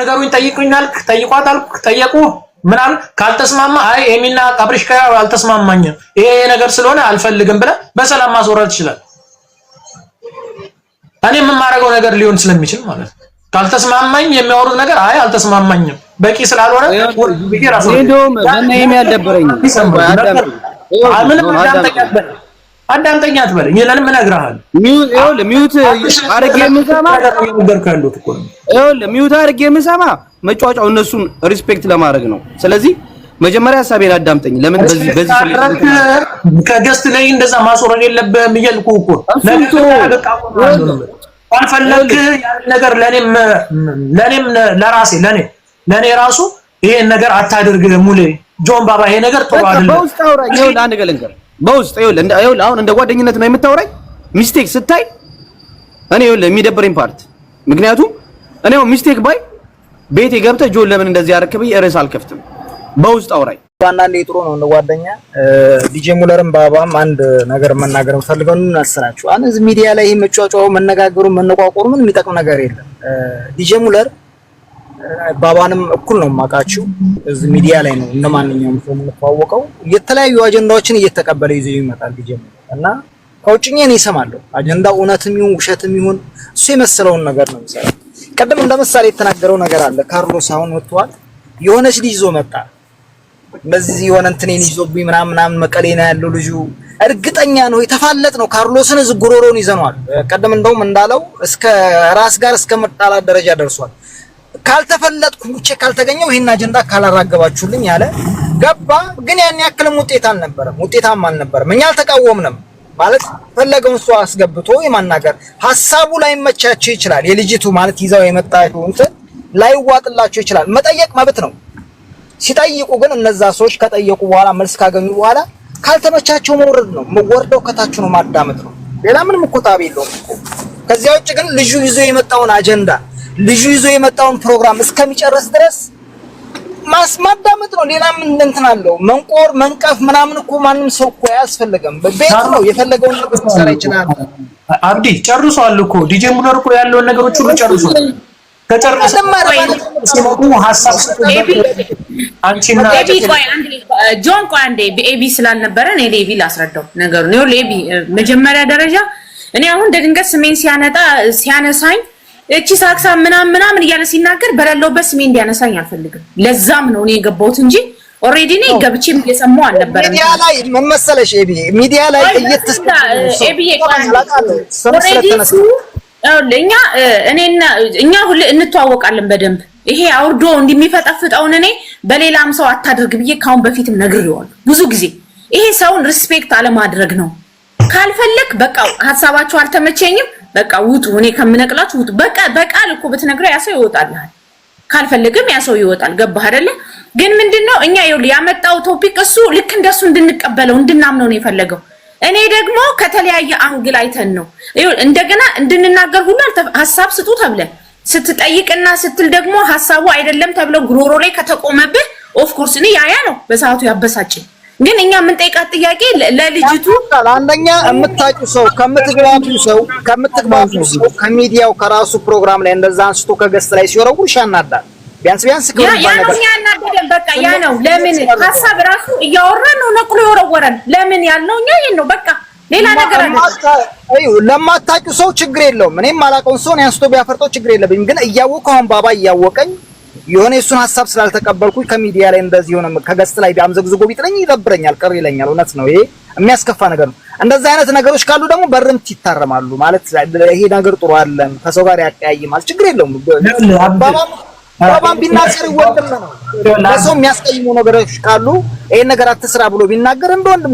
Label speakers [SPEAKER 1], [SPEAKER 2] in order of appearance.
[SPEAKER 1] ነገሩኝ ጠይቁኝ አልክ፣ ጠይቋት አልክ፣ ጠየቁ ምናል ካልተስማማ አይ ኤሚና አብርሽ ጋር አልተስማማኝም ይሄ ነገር ስለሆነ አልፈልግም ብለ በሰላም ማስወረድ ይችላል። እኔ የምማረገው ነገር ሊሆን ስለሚችል ማለት ነው። ካልተስማማኝ የሚያወሩት ነገር አይ አልተስማማኝም በቂ ስላልሆነ ወርዱ
[SPEAKER 2] ቢገራ ሰው ሄዶ ምን ያደበረኝ ምንም እንዳንጠቀበል አዳምጠኛ አትበለኝ። ይሄንንም እነግርሃለሁ። ሚውት አድርጌ የምሰማ ሚውት አድርጌ የምሰማ መጫወጫው እነሱን ሪስፔክት ለማድረግ ነው። ስለዚህ መጀመሪያ ሀሳቤን አዳምጠኝ። ለምን በዚህ በዚህ
[SPEAKER 1] ከገስት ላይ እንደዛ ማስወረድ የለብህም እያልኩህ እኮ ካልፈለክ ያን ነገር ለኔም ለኔም ለራሴ ለኔ ለኔ ራሱ ይሄን ነገር አታድርግ ሙሌ ጆን ባባ ይሄ ነገር
[SPEAKER 2] ጥሩ አይደለም። በውስጥ ይኸውልህ፣ አሁን እንደ ጓደኝነት ነው የምታወራኝ። ሚስቴክ ስታይ እኔ ይኸውልህ የሚደብረኝ ፓርት ምክንያቱም እኔ አሁን ሚስቴክ ባይ ቤቴ ገብተህ ጆን ለምን እንደዚህ ያደረክ ብዬ ርዕስ አልከፍትም። በውስጥ አውራኝ። እንደ ጥሩ ነው እንደ ጓደኛ። ዲጄ ሙለርም ባባም አንድ ነገር መናገር የምፈልገው እናስናችሁ። አሁን እዚህ ሚዲያ ላይ መጫጫው፣ መነጋገሩ፣ መነቋቆሩ ምን የሚጠቅም ነገር የለም ዲጄ ሙለር ባባንም እኩል ነው የማውቃችሁ። እዚህ ሚዲያ ላይ ነው እንደማንኛውም ሰው የምንተዋወቀው። የተለያዩ አጀንዳዎችን እየተቀበለ ይዞ ይመጣል ልጅ እና ከውጭኛ እኔ እሰማለሁ። አጀንዳው እውነትም ይሁን ውሸትም ይሁን እሱ የመሰለውን ነገር ነው የሚሰራው። ቅድም እንደ ምሳሌ የተናገረው ነገር አለ። ካርሎስ አሁን ወጥቷል። የሆነች ልጅ ይዞ መጣ። በዚህ የሆነ እንትኔን ይዞብኝ ምናምን ምናምን መቀሌ ነው ያለው ልጁ። እርግጠኛ ነው የተፋለጥ ነው ካርሎስን እዚህ ጉሮሮን ይዘነዋል። ቅድም እንደውም እንዳለው እስከ ራስ ጋር እስከ መጣላት ደረጃ ደርሷል። ካልተፈለጥኩ ብቻ ካልተገኘው ይህን አጀንዳ ካላራገባችሁልኝ ያለ ገባ። ግን ያን ያክልም ውጤት አልነበረም፣ ውጤታም አልነበረም። እኛ አልተቃወምንም ማለት ፈለገውን እሱ አስገብቶ የማናገር ሀሳቡ ላይመቻቸው ይችላል። የልጅቱ ማለት ይዛው የመጣችው እንትን ላይዋጥላቸው ይችላል። መጠየቅ መብት ነው። ሲጠይቁ ግን እነዛ ሰዎች ከጠየቁ በኋላ መልስ ካገኙ በኋላ ካልተመቻቸው መውረድ ነው። መወርደው ከታች ነው ማዳመጥ ነው። ሌላ ምንም እኮ የለውም ከዚያ ውጭ ግን ልጁ ይዞ የመጣውን አጀንዳ ልጁ ይዞ የመጣውን ፕሮግራም እስከሚጨርስ ድረስ ማስማዳመጥ ነው። ሌላ ምን እንትን አለው? መንቆር መንቀፍ ምናምን እኮ ማንም ሰው እኮ አያስፈልገም። ቤት ነው የፈለገውን ነገር ሰራ ይችላል። አብዲ ጨርሷል እኮ ዲጄ ሙነር እኮ ያለውን ነገሮች ሁሉ ጨርሷል። ከጨርሱ ሲመጡ ሀሳብ አንቺና ጆን ቆይ አንዴ ኤቢ ስላልነበረ እኔ ለኤቢ ላስረዳው ነገሩን። ይኸውልህ ኤቢ መጀመሪያ ደረጃ እኔ አሁን ደንገት ስሜን ሲያነጣ ሲያነሳኝ እቺ ሳክሳ ምናምን ምናምን እያለ ሲናገር በሌለውበት ስሜ እንዲያነሳኝ አልፈልግም። ለዛም ነው እኔ የገባሁት እንጂ ኦሬዲ እኔ ገብቼም እየሰማሁ አልነበረም። ሚዲያ ላይ መመሰለሽ ኤቢ ሚዲያ ላይ እኛ እኔና እኛ ሁሌ እንተዋወቃለን በደንብ ይሄ አውርዶ እንደሚፈጠፍጠውን እኔ በሌላም ሰው አታድርግ ብዬ ካሁን በፊትም ነግሬዋለሁ ብዙ ጊዜ። ይሄ ሰውን ሪስፔክት አለማድረግ ነው። ካልፈለግ በቃ ሀሳባችሁ አልተመቸኝም በቃ ውጡ፣ እኔ ከምነቅላችሁ ውጡ። በቃ በቃል እኮ ብትነግረው ያ ሰው ይወጣልሃል። ካልፈለግም ያ ሰው ይወጣል። ገባህ አይደለ? ግን ምንድነው እኛ ያመጣው ቶፒክ እሱ ልክ እንደሱ እንድንቀበለው እንድናምነው ነው የፈለገው። እኔ ደግሞ ከተለያየ አንግል አይተን ነው እንደገና እንድንናገር ሁሉ ሀሳብ ስጡ ተብለ ስትጠይቅና ስትል ደግሞ ሀሳቡ አይደለም ተብለው ጉሮሮ ላይ ከተቆመብህ ኦፍኮርስ እኔ ያያ ነው በሰዓቱ ያበሳጭኝ። ግን እኛ የምንጠይቃት ጥያቄ ለልጅቱ አንደኛ የምታውቂው ሰው ከምትግባቡ ሰው ከምትግባቡ ሰው ከሚዲያው ከራሱ ፕሮግራም ላይ እንደዛ አንስቶ ከገስ ላይ ሲወረውርሽ ያናዳል። ቢያንስ ቢያንስ ከሆነ ያናደደን በቃ ያ ነው። ለምን ሀሳብ ራሱ እያወራን ነው ነቅሎ የወረወረን ለምን ያልነው እኛ ይሄን ነው በቃ ሌላ ነገር አለ። ለማታውቂው ሰው ችግር የለውም። እኔም አላውቀውን ሰው አንስቶ ቢያፈርጠው ችግር የለብኝም። ግን እያወቀው አሁን ባባ እያወቀኝ የሆነ የእሱን ሀሳብ ስላልተቀበልኩኝ ከሚዲያ ላይ እንደዚህ ሆነ ከገጽ ላይ ቢያምዘግዝጎ ቢጥለኝ ይደብረኛል፣ ቅር ይለኛል። እውነት ነው፣ ይሄ የሚያስከፋ ነገር ነው። እንደዚህ አይነት ነገሮች ካሉ ደግሞ በርምት ይታረማሉ። ማለት ይሄ ነገር ጥሩ አለን፣ ከሰው ጋር ያቀያይማል፣ ችግር የለውም። ባባም ቢናገር ወንድም ነው። ለሰው የሚያስቀይሙ ነገሮች ካሉ ይሄን ነገር አትስራ ብሎ ቢናገር እንደ ወንድም